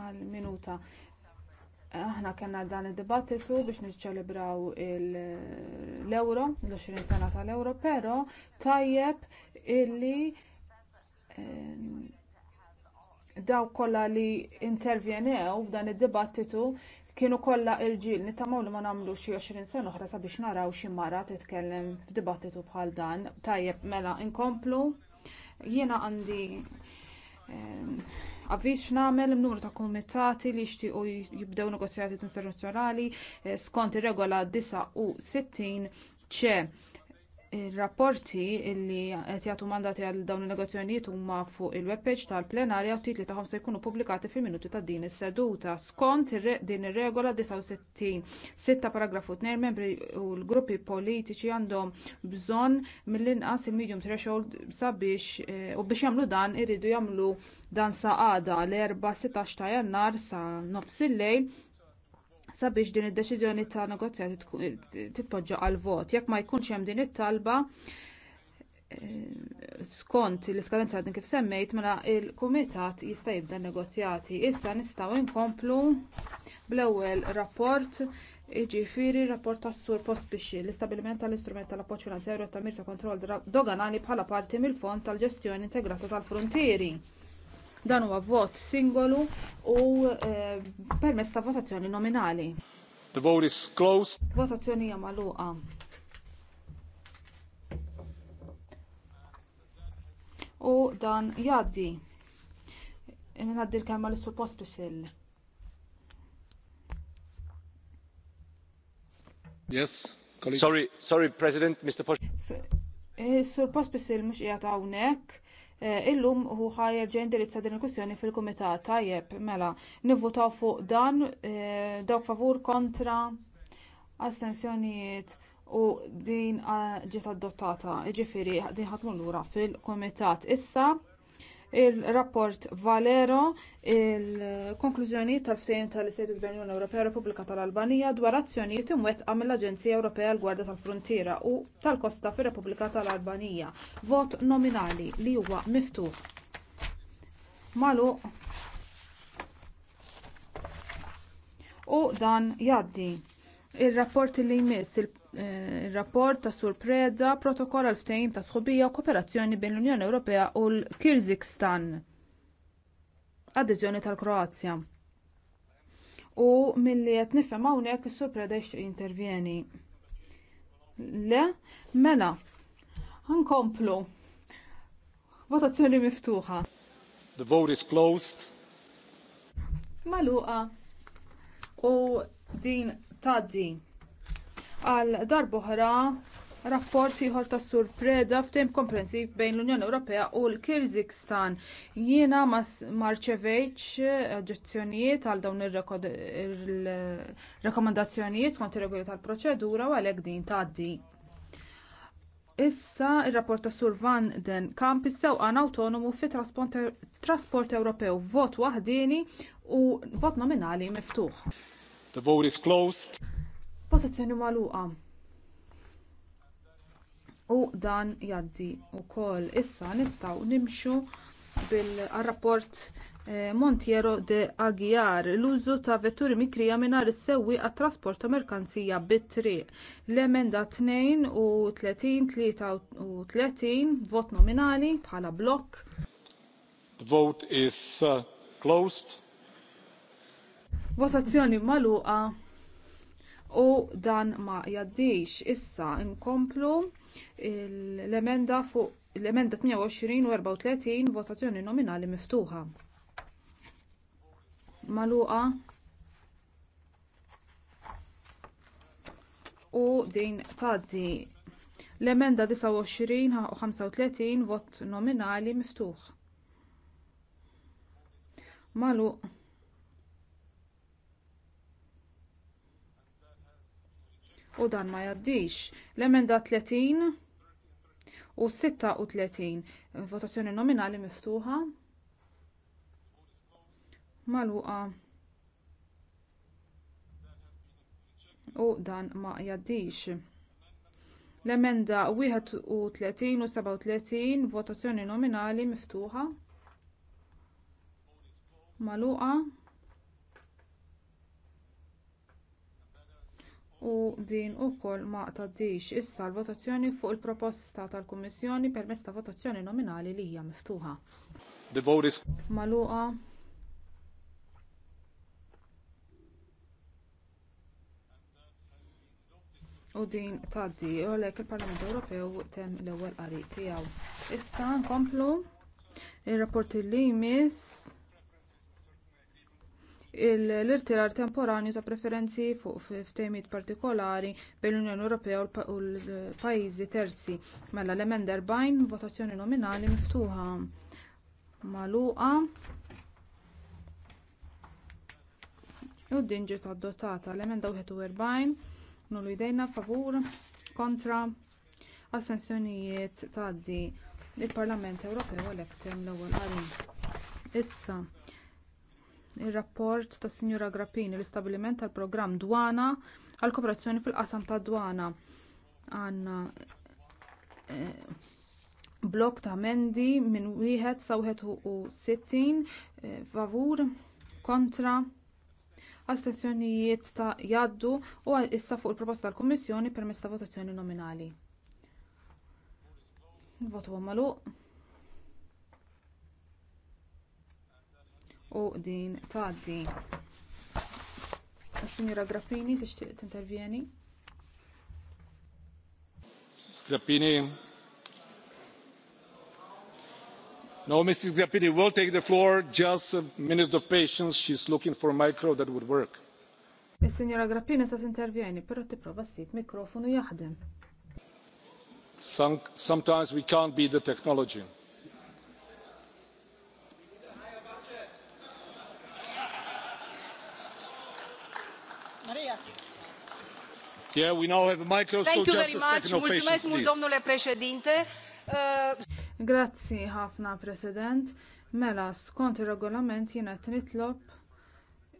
għal minuta. Aħna kellna dan id-dibattitu biex niċċelebraw l ewro l-20 sena tal ewro pero tajjeb illi eh, daw kollha li intervjenew f'dan id-dibattitu kienu kollha irġiel nittamaw li ma nagħmlu xi 20 sen uħra sabiex naraw xi mara titkellem f'dibattitu bħal dan. Tajjeb mela inkomplu. Jiena għandi eh, xnamel mnur ta' kumitati li u jibdew negozjati internazzjonali eh, skont ir-regola 69 ċe ir-rapporti li qed jagħtu mandati għal dawn in-negozjonijiet huma fuq il-webpage tal-plenarja u titli tagħhom se jkunu pubblikati fil-minuti ta' din is-seduta. Skont din ir-regola 69 paragrafu 2 membri u l-gruppi politiċi għandhom bżonn mill-inqas il-medium threshold sabiex eh, u biex jagħmlu dan iridu jagħmlu dan sa' għada l-4 16 ta' jannar sa' nofs il-lejl sabiex din id-deċiżjoni ta' negozjati titpoġġa għal vot. Jekk ma jkunx hemm din it-talba, eh, skont l-iskadenza din kif semmejt, mela il-kumitat jista' jibda negozjati. Issa nistgħu nkomplu bl-ewwel rapport jiġifieri rapport tas-sur biexi l-istabbiliment tal-istrument tal-appoġġ finanzjarju ta' tamir ta' kontroll doganali bħala parti mill-fond tal-ġestjoni integrata tal frontieri Dan huwa vot singolu u eh, permezz ta' votazzjoni nominali. The vote is closed. Votazzjoni hija magħluqa. U dan jgħaddi. E Ngħaddi l-kelma l post bisil. Yes, colleague. Sorry, sorry, President, Mr. Posh. Eh, Sur post bisil mhux qiegħed hawnhekk Eh, illum hu ħajerġa' indirizza din il-kwistjoni fil-kumitat tajjeb mela nivvutaw fuq dan eh, dawk favur kontra astensjonijiet u din eh, ġiet adottata jiġifieri din ħatmu lura fil-kumitat issa il-rapport Valero il-konklużjoni tal-ftehim tal-Istatus bejn Unjoni Ewropea Repubblika tal-Albanija dwar azzjonijiet imwettqa mill-Aġenzija Ewropea l-Gwarda tal-Frontiera u tal-Kosta fir-Repubblika tal-Albanija. Vot nominali li huwa miftuħ. Malu U dan jgħaddi. Ir-rapport li jmiss il Eh, rapport ta' Sur Preda, protokoll għal ftehim ta' sħubija u kooperazzjoni bejn l-Unjoni Ewropea u l kirzikstan Adeżjoni tal-Kroazja. U milli qed nifhem hawnhekk is-Sur Preda jintervjeni. Le, mela, nkomplu. Votazzjoni miftuħa. The vote is closed. Maluqa. U din tgħaddi għal darb'oħra rapport ieħor tas-sur preda f'tejm komprensiv bejn l-Unjoni Ewropea u l-Kirżikstan. Jiena ma rċevejtx oġġezzjonijiet għal dawn ir-rakkomandazzjonijiet kont ir-regoli tal-proċedura u għalhekk din tgħaddi. Issa ir-rapport tas Sur Van Den Kamp is-sewqan awtonomu fi trasport Ewropew vot waħdini u vot nominali miftuħ. The vote is closed. Votazzjoni magħluqa. U dan jgħaddi wkoll issa nistgħu nimxu bil-rapport eh, Montiero de Aguiar l-użu ta' vetturi mikrija mingħajr is-sewwi għat-trasport ta' merkanzija bit-triq. L-emenda 32-33 vot nominali bħala blokk. Vote is uh, closed. Votazzjoni magħluqa u dan ma jgħaddix issa nkomplu l-emenda fuq l-emenda 28 u 34 votazzjoni nominali miftuħa magħluqa u din tgħaddi l-emenda 29 u 35 vot nominali miftuħ magħluq u dan ma jgħaddix. L-emenda 30 u 36 votazzjoni nominali miftuħa. Maluqa. U dan ma jgħaddix. L-emenda 31 u 37 votazzjoni nominali miftuħa. Maluqa. u din ukoll ma tgħaddix issa l-votazzjoni fuq il-proposta tal-kummissjoni permezz ta' votazzjoni nominali li hija miftuħa the vote is Maluqa? u din tgħaddi u għalhekk il-parlament ewropew temm l-ewwel qari tiegħu issa nkomplu ir-rapport li jmiss l-irtirar temporanju ta' preferenzi fuq ftehimiet partikolari bejn l-Unjoni Ewropea u l-pajjiżi terzi. Mela l-emenda 40 votazzjoni nominali miftuħa magħluqa quddiem ġiet adottata l-emenda 41 nullu jdejna favur kontra astensjonijiet tgħaddi il-Parlament Ewropew elett l-ewwel qari. Issa ir-rapport tas-sinjura grappini l-istabbiliment tal-programm dwana għall-kooperazzjoni fil-qasam tad-dwana għandna eh, blokk ta' emendi minn wieħed sa wieħed u sittin eh, favur kontra astensjonijiet ta' jgħaddu u issa fuq il-proposta tal-kummissjoni permezz ta' votazzjoni nominali. Votu għamaluq. u din tgħaddi. Signora Grappini tixtieq tintervjeni. Grappini. No, Mrs. Grappini will take the floor. Just a minute of patience. She's looking for a micro that would work. E, signora sinjura Grappini sa tintervjeni, però ti prova ssib microfono jaħdem. sometimes we can't be the technology. domnule președinte. Uh, Grazzi ħafna, President. Mela, skont ir-regolament jiena nitlob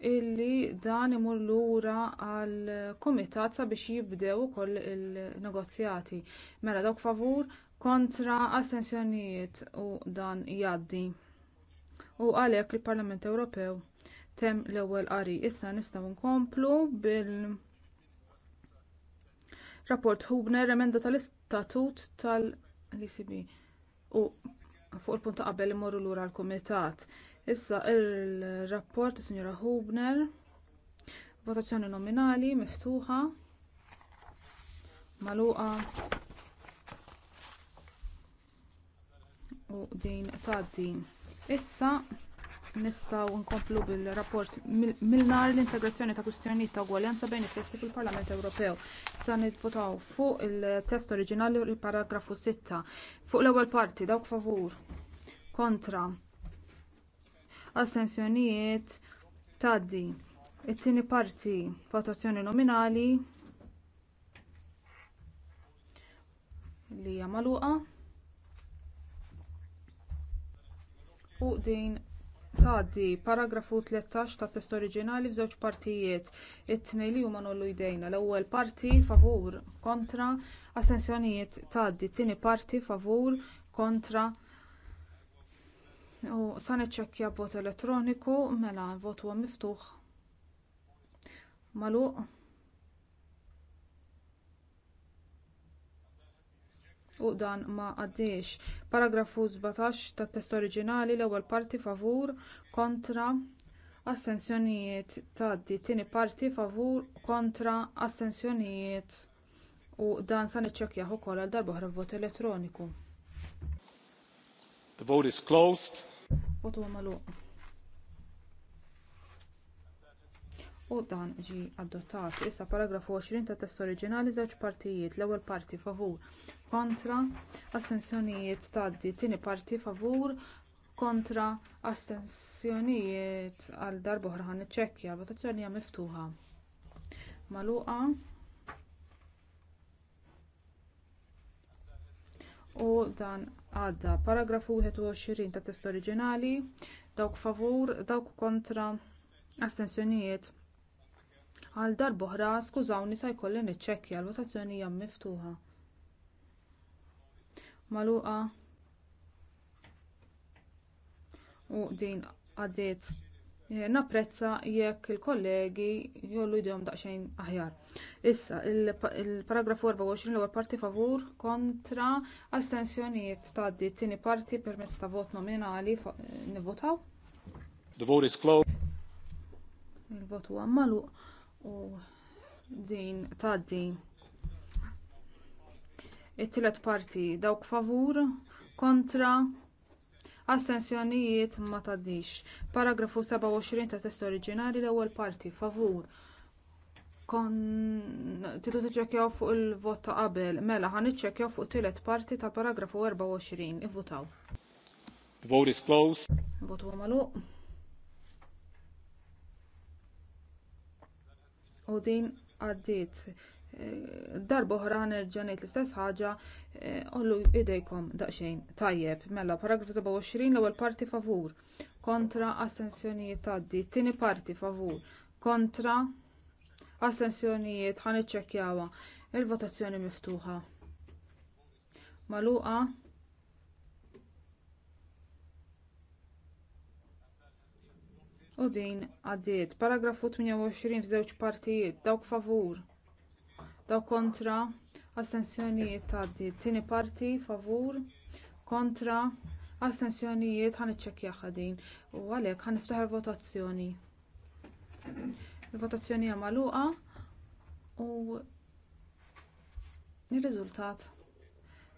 illi dan imur lura għall kumitat sabiex jibdew ukoll il-negozjati. Mela dawk favur kontra astensjonijiet u dan jgħaddi. U għalhekk il-Parlament Ewropew temm l-ewwel qari issa nistgħu nkomplu bil rapport Hubner emenda tal-istatut tal-ECB u fuq il-punt ta' qabel imorru lura l-kumitat. Issa il-rapport is-Sinjura Hubner votazzjoni nominali miftuħa magħluqa u din tgħaddi. Issa nistgħu nkomplu bil-rapport mill-nhar l-integrazzjoni ta' kwistjonijiet ta' ugwaljanza bejn is-sessi fil-Parlament Ewropew. Sa nivvotaw fuq il-test oriġinali u paragrafu 6. Fuq l-ewwel parti dawk favur kontra astensjonijiet tgħaddi. It-tieni parti votazzjoni nominali li hija magħluqa u din tgħaddi paragrafu 13 tat-test oriġinali f'żewġ partijiet it-tnejn li huma nollu jdejna l-ewwel parti favur kontra astensjonijiet tgħaddi it-tieni parti favur kontra u sa niċċekkja b'vot elettroniku mela l-vot huwa miftuħ magħluq u dan ma għaddiex. Paragrafu 17 tat-test oriġinali l-ewwel parti favur kontra astensjonijiet tgħaddi tieni parti favur kontra astensjonijiet u dan sa niċċekkjah ukoll għal darba oħra b'vot elettroniku. The vote is closed. Votu magħluq. u dan ġie adottat. Issa paragrafu 20 ta' test oriġinali żewġ partijiet. L-ewwel parti favur kontra astensjonijiet tgħaddi, tieni parti favur kontra astensjonijiet għal darba oħra ħan iċċekkja l-votazzjoni hija miftuħa. Magħluqa u dan għadda. Paragrafu 21 ta' test oriġinali dawk favur, dawk kontra astensjonijiet għal darb'oħra skużawni se jkolli niċċekkja l-votazzjoni hija miftuħa magħluqa u din għaddiet eh, napprezza jekk il-kollegi jollu jdihom daqsxejn aħjar issa il-paragrafu 24 l-ewwel parti favur kontra astensjonijiet tgħaddi t-tieni parti permezz ta' vot nominali eh, nivvotaw the vote is closed il-vot huwa magħluq u din din it-tielet parti dawk favur kontra astensjonijiet ma tgħaddix paragrafu 27 ta' test oriġinali l-ewwel parti favur kon tidu tiċċekkjaw fuq il-vot ta' qabel mela ħa niċċekkjaw fuq tielet parti ta' paragrafu 24 ivvutaw. The vote is closed. Votu magħluq. u din għaddiet darba oħra nerġa' ngħid l-istess ħaġa e, ollu idejkom daqsxejn tajjeb mela paragrafu 27 l-ewwel parti favur kontra astensjonijiet tgħaddi it-tieni parti favur kontra astensjonijiet ħa niċċekkjawha il-votazzjoni miftuħa magħluqa u din għaddiet paragrafu 28 f'żewġ partijiet dawk favur dawk kontra astensjonijiet għaddiet tieni parti favur kontra astensjonijiet ħaniċċekkjah din u għalhekk ħaniftaħ il-votazzjoni il-votazzjoni hija magħluqa u r-riżultat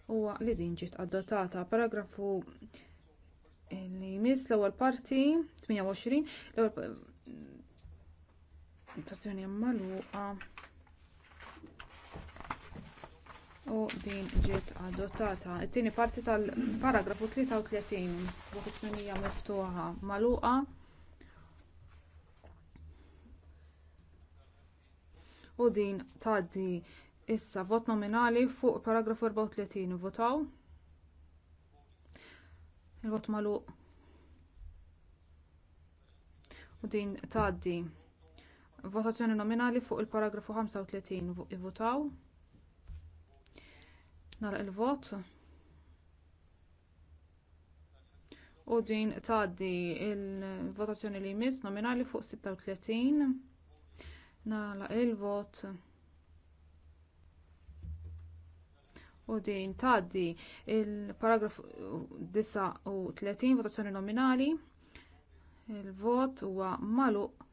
huwa li din ġiet adottata paragrafu li jmiss l-ewwel parti 28 l-ewwel votazzjoni hemm magħluqa u din ġiet adottata. It-tieni parti tal-paragrafu 33 votazzjoni miftuħa magħluqa u din tgħaddi issa vot nominali fuq paragrafu 34 votaw il-vot magħluq u din tgħaddi votazzjoni nominali fuq il-paragrafu 35 ivvutaw nagħlaq il-vot u din tgħaddi il-votazzjoni li jmiss nominali fuq 36 nagħlaq il-vot u din tgħaddi il-paragrafu 39 votazzjoni nominali il-vot huwa magħluq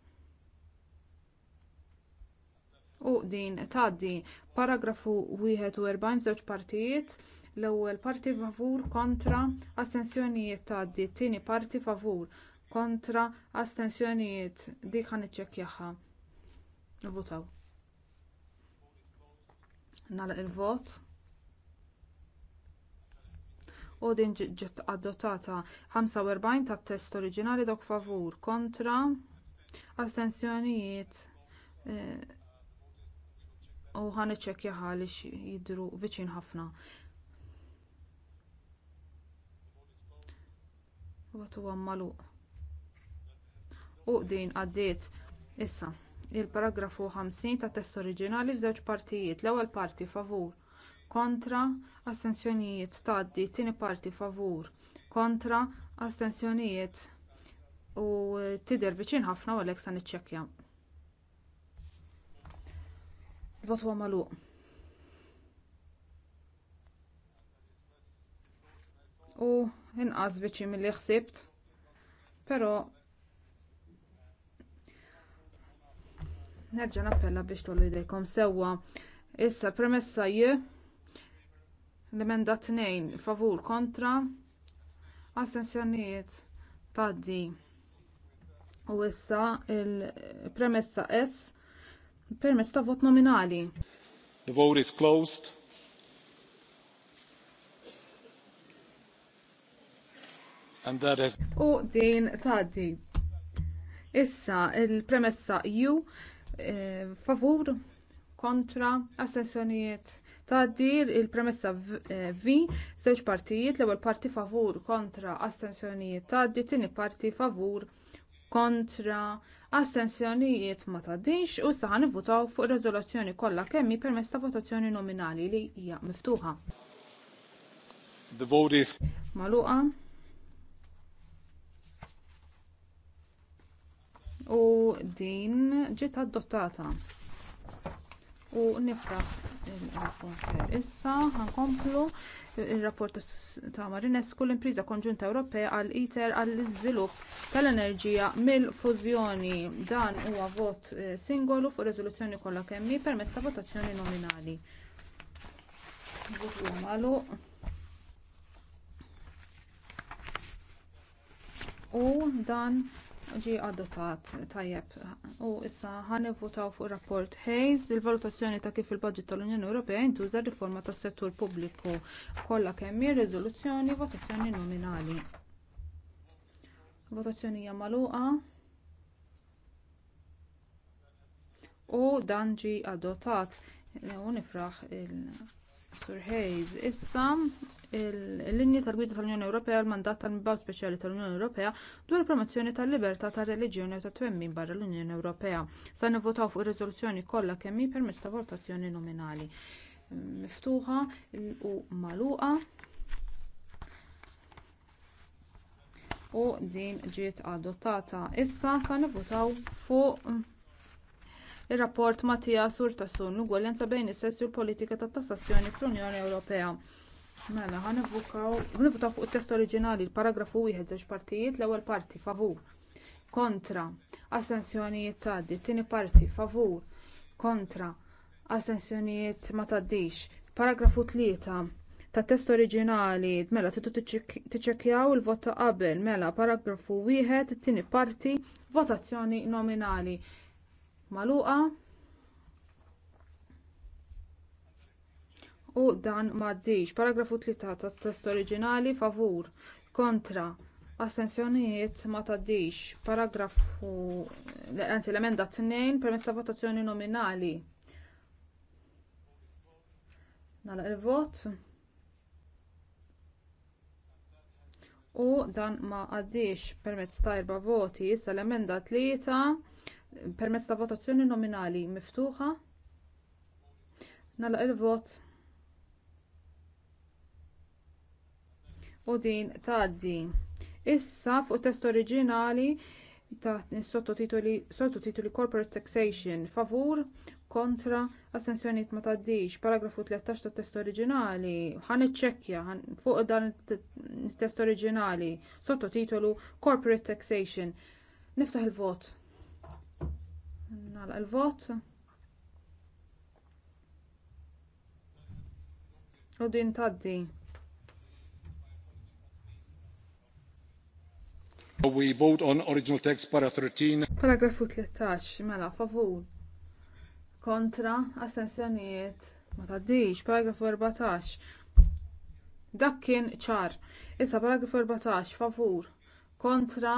u din tgħaddi paragrafu 41 żewġ partijiet l-ewwel parti favur kontra astensjonijiet tgħaddi t-tieni parti favur kontra astensjonijiet dik ħa niċċekkjahha votaw nagħlaq il-vot u din ġiet adottata 45 tat-test oriġinali dok favur kontra astensjonijiet eh, u ħan iċċekkjaha għaliex jidhru viċin ħafna Wat huwa magħluq. U din għaddiet issa il-paragrafu 50 tat-test oriġinali f'żewġ partijiet l-ewwel parti favur kontra astensjonijiet tgħaddi tieni parti favur kontra astensjonijiet u tidher viċin ħafna u għalhekk se niċċekkja il-vot huwa magħluq u inqas viċin milli ħsibt però nerġa' nappella biex tollu jdejkom sewwa issa premessa j L-emenda 2 favur kontra astensjonijiet tgħaddi. U issa il-premessa S permess ta' vot nominali. The vote is closed. And that is... U din tgħaddi. Issa il-premessa ju eh, favur kontra astensjonijiet tgħaddi il-premessa eh, v żewġ partijiet l-ewwel parti favur kontra astensjonijiet tgħaddi tieni parti favur kontra astensjonijiet ma tgħaddix u issa ħanivvutaw fuq ir-riżoluzzjoni kollha kemm hi permezz ta' votazzjoni nominali li hija miftuħa. The vote is Maluqa. U din ġiet adottata u nifraħ il Issa ħankomplu il-rapport ta' Marinescu l-impriża konġunta Ewropea għal iter għall iżvilupp tal-enerġija mill-fużjoni. Dan huwa vot eh, singolu fuq riżoluzzjoni kollha kemm hi permezz ta' votazzjoni nominali. U dan ġie adottat tajjeb u issa ħanivvutaw fuq rapport hayes il-valutazzjoni ta' kif il-baġit tal-unjoni ewropea jintuża r-riforma tas-settur pubbliku kollha kemm hi riżoluzzjoni votazzjoni nominali votazzjoni hija magħluqa u dan ġie adottat u nifraħ il-sur hayes issa il-linji tal-gwida tal-Unjoni Ewropea l mandat tal-mibgħut speċjali tal-Unjoni Ewropea dwar il-promozzjoni tal-libertà tar-reliġjoni u tat-twemmin barra l-Unjoni Ewropea. Sa nivvotaw fuq ir-riżoluzzjoni kollha kemm hi permezz ta' votazzjoni nominali. Miftuħa u magħluqa. U din ġiet adottata. Issa sa nivvotaw fuq ir-rapport Mattia Sur Tassun l-ugwaljanza bejn is-sessi u l-politika tat-tassazzjoni fl-Unjoni Ewropea. Mela, ħanivvukaw, ħanivvutaw fuq it-test oriġinali, l-paragrafu wieħed żewġ partijiet, l-ewwel parti favur, kontra, astensjonijiet tgħaddi, tieni parti favur, kontra, astensjonijiet ma tgħaddix. Paragrafu tlieta tat test oriġinali, mela titu tiċċekkjaw il-vota qabel, mela paragrafu wieħed, it-tieni parti, votazzjoni nominali. Maluqa? u dan m'għaddix paragrafu 3 tat-test oriġinali favur kontra astensjonijiet ma tgħaddix paragrafu anzi l-emenda 2 permezz ta' votazzjoni nominali nagħlaq il-vot u dan ma għaddiex permezz ta' erba' voti issa l-emenda tlieta permezz ta' votazzjoni nominali miftuħa nagħlaq il-vot u din tgħaddi. Issa fuq test oriġinali taħt sottotitoli Corporate Taxation favur kontra astensjonijiet ma tgħaddix. Paragrafu 13 tat test oriġinali ħan iċċekkja fuq dan it-test oriġinali sottotitolu Corporate Taxation. Niftaħ il-vot. Nagħlaq il-vot. U din tgħaddi. We vote on original text para 13. Paragrafu 13, mela, favur. Kontra, astensjoniet, ma taddix, paragrafu 14. Dak kien ċar. Issa paragrafu 14, favur. Kontra,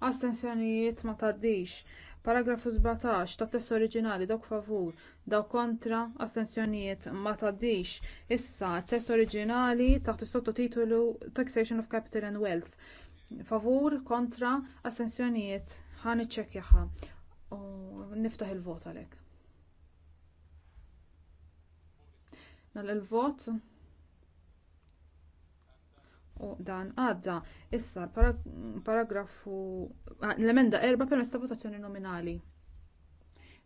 astensjoniet, ma taddix. Paragrafu 17 ta' test oriġinali dok favur, Daw kontra, astensjoniet, ma taddix. Issa, test oriġinali taħt is-sottotitolu Taxation of Capital and Wealth favur kontra astensjonijiet ħan iċċekkjaha u niftaħ il-vot għalhekk. Nal il-vot u dan għadda issa paragrafu ah, l-emenda erba permess ta' votazzjoni nominali.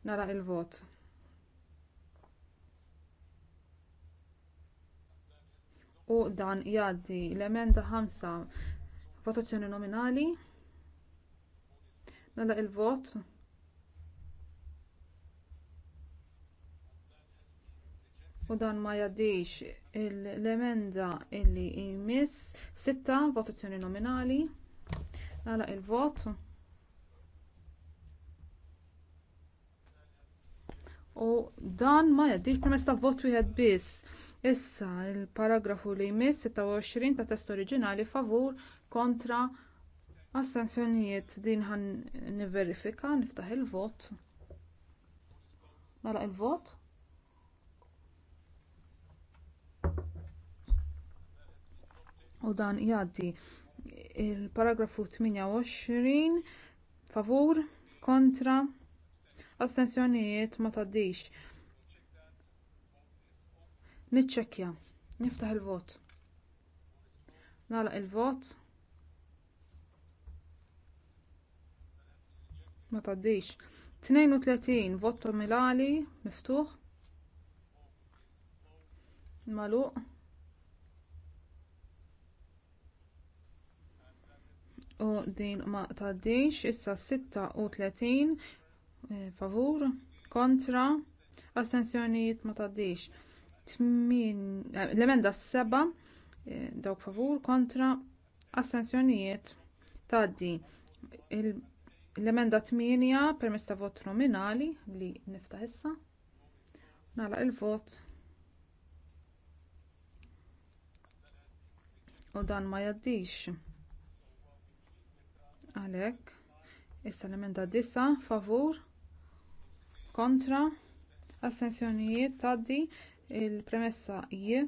Nara il-vot. U dan jgħaddi l-emenda 5 votazzjoni nominali nagħlaq il-vot u dan ma jgħaddix l-emenda illi jmiss sitta votazzjoni nominali nagħlaq il-vot u dan ma jgħaddix permezz ta' vot wieħed biss Issa il-paragrafu li jmiss 26 ta' test oriġinali favur kontra astensjonijiet din ħan niftaħ il-vot. Nara il-vot. U dan jgħaddi il-paragrafu 28 favur kontra astensjonijiet ma tgħaddix niċċekkja niftaħ il-vot nagħlaq il-vot ma tgħaddix 32 vot tomilali miftuħ magħluq u din ma taddix issa 36 eh, favur kontra astensjonijiet ma taddix. Eh, l-emenda seba' eh, dawk favur kontra astensjonijiet tgħaddi l-emenda 8 permezz ta' vot nominali li niftaħ issa nagħlaq il-vot u dan ma jgħaddix għalhekk issa l-emenda 9 favur kontra astensjonijiet tgħaddi il-premessa hija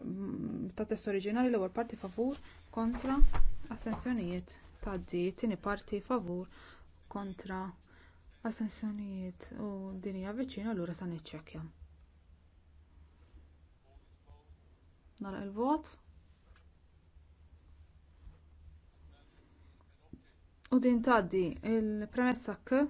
mm, ta' test oriġinali l-ewwel parti favur kontra assenzjonijiet. tgħaddi it-tieni parti favur kontra assenzjonijiet u din hija viċina allura se niċċekkja nagħlaq il-vot u din tgħaddi il-premessa k